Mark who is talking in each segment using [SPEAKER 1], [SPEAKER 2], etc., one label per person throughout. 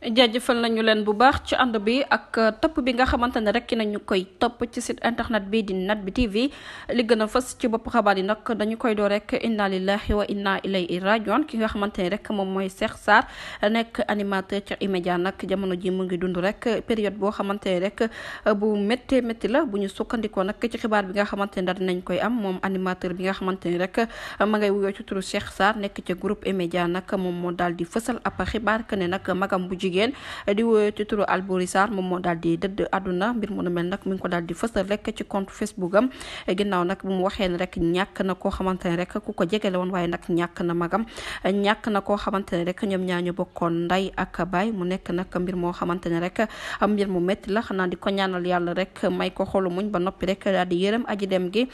[SPEAKER 1] jaajëfal nañu leen bu baax ci ànd bi ak uh, topp bi nga xamante ne rek nañu koy topp ci site internet bi di nag Bi TV li gën a fës ci bopp xabaar yi nag dañu koy doo rek inna lillahi wa inna ilayhi rajiun ki nga xamante ne rek moom mooy Cheikh Sarr nekk animateur ci e nag jamono ji mu ngi dund rek période boo xamante ne rek uh, bu métti métti la bu ñu sukkandikoo nag ci xibaar bi nga xamante ne daal nañ koy am moom animateur bi nga xamante ne rek uh, ma ngay wuyoo ci turu Cheikh Sarr nekk ci groupe E-Media nag moom moo daal di fësal ab xibaar que ne nag magam bu jigéen di woy ci turu Albouri Sarr moom moo daal di dëdd àdduna mbir mu nu mel nag mi ngi ko daal di fësal rek ci compte Facebook am ginnaaw nag bu mu waxee ne rek ñàkk na koo xamante ne rek ku ko jegele woon waaye nag ñàkk na magam ñàkk na koo xamante ne rek ñoom ñaa ñu bokkoon nday ak baay mu nekk nag mbir moo xamante ne rek mbir mu métti la xanaa di ko ñaanal yàlla rek may ko xolu muñ ba noppi rek daal di yërëm aji dem gi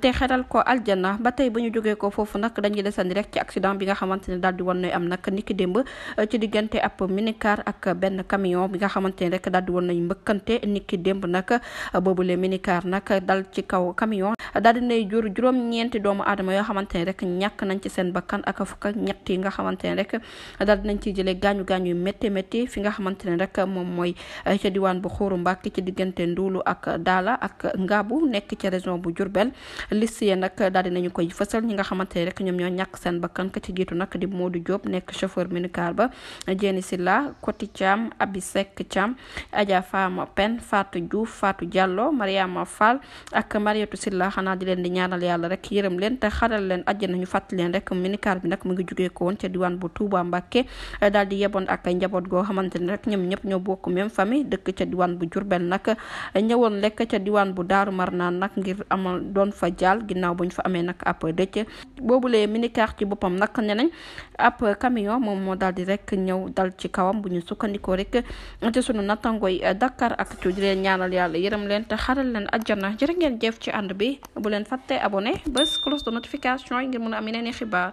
[SPEAKER 1] te xeral ko aljana ba tey bu ñu jógee ko foofu nag dañuy desandi rek ci accident bi nga xamante ne daal di wan am nag niki démb ci diggante ab minicar ak benn camion bi nga xamante ni rek daal di woon nañ mbëkkante niki démb nag ni minicar nag dal ci kaw camion daal dinay jur juróom-ñeenti doomu aadama yoo xamante ne rek ñàkk nañ ci seen bakkan ak fukk ak ñett yi nga xamante ne rek daal dinañ ciy jëlee gaañu gaañu yu métti métti fi nga xamante ne rek moom mooy eh, diwaan bu xuuru Mbàkke ci diggante Nduulu ak Daala ak Ngaabu nekk ci région bu Jurbel liste yi nag daal dinañu koy fësal ñi nga xamante ne rek ñoom ñoo ñàkk seen bakkan ka ci jiitu nag di Modou Diop nekk chauffeur minicar ba Jéeni Silla Koti Thiam Abi Seck Thiam Adja Fama Pen Fatou Diouf Fatou Diallo Mariama Fall ak Mariatu Silla xanaa di leen di ñaanal yàlla rek yërëm leen te xaral leen àjjana ñu fàttali leen rek minicar bi nag mu ngi jugee ko woon bu Touba Mbacké daal di yeboon ak njaboot goo xamante ne rek ñoom ñëpp ñoo bokk même famille dëkk ca diwaan bu Jurbel nag ñëwoon lekk ca diwaan bu Daaru Marnaan nag ngir amal doon fa jaal ginnaaw bu ñu fa amee nag ab dëcc boobulee minicar ci boppam nag ne nañ ab camion moom moo daal di rek ñëw dal ci kawam bu ñu sukkandikoo rek ci sunu nattangooy Dakar ak ci di leen ñaanal yàlla yërëm leen te xaral leen ajjana jërë ngeen jëf ci ànd bi bu leen fàtte abonné bés cloche de notification yi ngir mun a am yeneen i xibaar